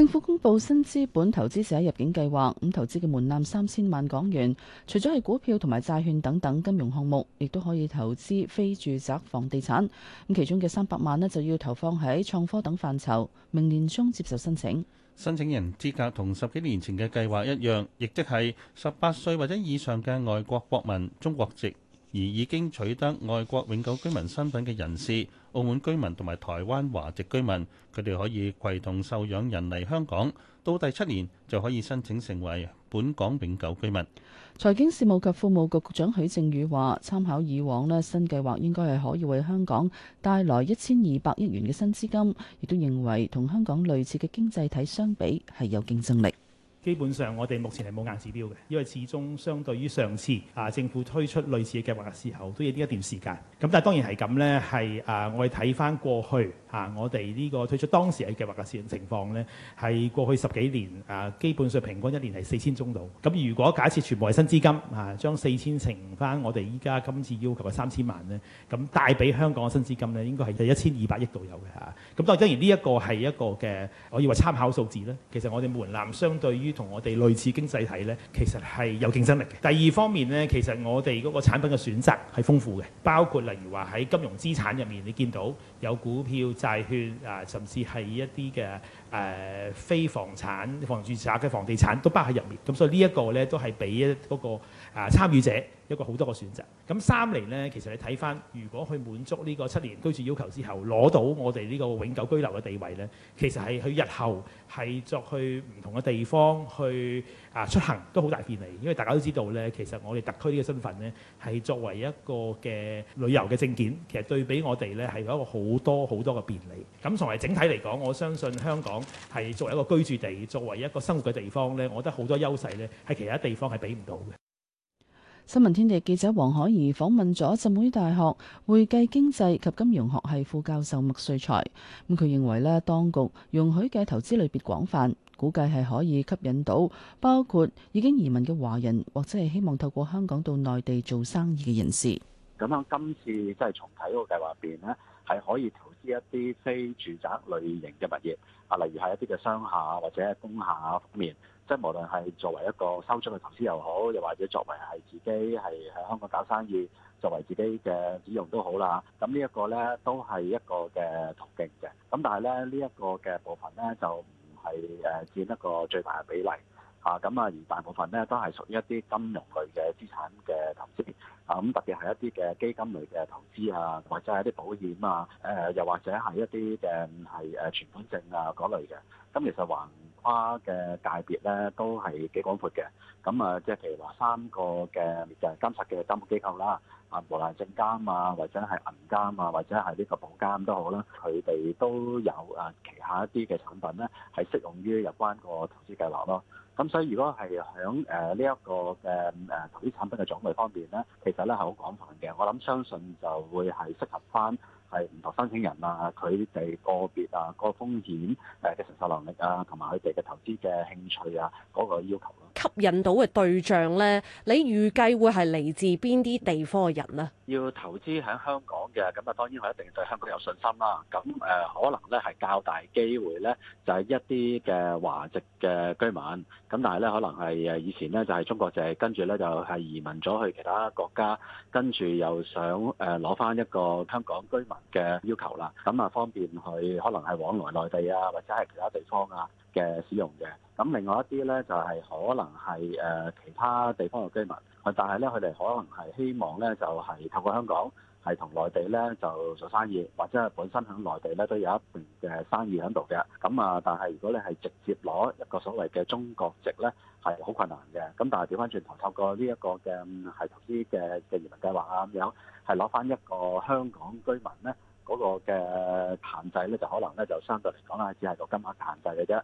政府公布新資本投資者入境計劃，咁投資嘅門檻三千萬港元，除咗係股票同埋債券等等金融項目，亦都可以投資非住宅房地產。咁其中嘅三百萬呢就要投放喺創科等範疇，明年中接受申請。申請人資格同十幾年前嘅計劃一樣，亦即係十八歲或者以上嘅外國國民、中國籍，而已經取得外國永久居民身份嘅人士、澳門居民同埋台灣華籍居民，佢哋可以攜同受養人嚟香港，到第七年就可以申請成為本港永久居民。財經事務及庫務局局長許正宇話：參考以往呢，新計劃應該係可以為香港帶來一千二百億元嘅新資金，亦都認為同香港類似嘅經濟體相比係有競爭力。基本上我哋目前係冇硬指標嘅，因為始終相對於上次啊政府推出類似嘅計劃嘅時候都有呢一段時間，咁但係當然係咁咧，係啊我哋睇翻過去啊我哋呢個推出當時嘅計劃嘅情情況咧，係過去十幾年啊基本上平均一年係四千宗度。咁如果假設全部係新資金啊將四千乘翻我哋依家今次要求嘅三千萬咧，咁帶俾香港嘅新資金咧，應該係一千二百億度有嘅吓，咁當然呢一個係一個嘅，我以為參考數字咧。其實我哋門檻相對於同我哋類似經濟體呢，其實係有競爭力嘅。第二方面呢，其實我哋嗰個產品嘅選擇係豐富嘅，包括例如話喺金融資產入面，你見到有股票、債券啊、呃，甚至係一啲嘅誒非房產、房住宅嘅房地產都包喺入面。咁所以呢一個呢，都係俾一嗰個啊參與者一個好多嘅選擇。咁三嚟呢，其實你睇返，如果去滿足呢個七年居住要求之後，攞到我哋呢個永久居留嘅地位呢，其實係佢日後係作去唔同嘅地方。去啊出行都好大便利，因為大家都知道咧，其實我哋特區呢個身份咧，係作為一個嘅旅遊嘅證件，其實對比我哋咧係有一個好多好多嘅便利。咁從嚟整體嚟講，我相信香港係作為一個居住地，作為一個生活嘅地方咧，我覺得好多優勢咧，喺其他地方係俾唔到嘅。新聞天地記者黃凱宜訪問咗浸會大學會計經濟及金融學系副教授麥瑞才，咁佢認為咧，當局容許嘅投資類別廣泛，估計係可以吸引到包括已經移民嘅華人或者係希望透過香港到內地做生意嘅人士。咁喺今次即係重啟嗰個計劃入邊咧，係可以投資一啲非住宅類型嘅物業，啊，例如係一啲嘅商廈，或者係工廈方面。即係無論係作為一個收租嘅投資又好，又或者作為係自己係喺香港搞生意，作為自己嘅使用都好啦。咁呢一個咧都係一個嘅途徑嘅。咁但係咧呢一個嘅部分咧就唔係誒佔一個最大嘅比例啊。咁啊而大部分咧都係屬於一啲金融類嘅資產嘅投資啊。咁特別係一啲嘅基金類嘅投資啊，或者係一啲保險啊，誒又或者係一啲誒係誒存款證啊嗰類嘅。咁啊其實還花嘅界別咧都係幾廣闊嘅，咁啊即係譬如話三個嘅誒監察嘅監管機構啦，啊無論證監啊或者係銀監啊或者係呢個保監都好啦，佢哋都有誒旗下一啲嘅產品咧係適用於有關個投資計劃咯。咁所以如果係響誒呢一個嘅誒投資產品嘅種類方面咧，其實咧係好廣泛嘅。我諗相信就會係適合翻，係唔同申請人啊，佢哋個別啊個風險誒嘅承受能力啊，同埋佢哋嘅投資嘅興趣啊嗰個要求咯。吸引到嘅對象呢，你預計會係嚟自邊啲地方嘅人呢？要投資喺香港嘅，咁啊當然佢一定對香港有信心啦。咁誒、呃、可能咧係較大機會咧，就係、是、一啲嘅華籍嘅居民。咁但係咧可能係誒以前咧就係、是、中國籍，跟住咧就係、是、移民咗去其他國家，跟住又想誒攞翻一個香港居民嘅要求啦。咁啊方便佢可能係往來內地啊，或者係其他地方啊。嘅使用嘅，咁另外一啲咧就係可能係誒其他地方嘅居民，但係咧佢哋可能係希望咧就係透過香港係同內地咧就做生意，或者係本身響內地咧都有一定嘅生意響度嘅。咁啊，但係如果你係直接攞一個所謂嘅中國籍咧，係好困難嘅。咁但係調翻轉頭，透過呢一個嘅係投資嘅嘅移民計劃啊咁樣，係攞翻一個香港居民咧嗰個嘅限制咧，就可能咧就相對嚟講咧，只係個金額限制嘅啫。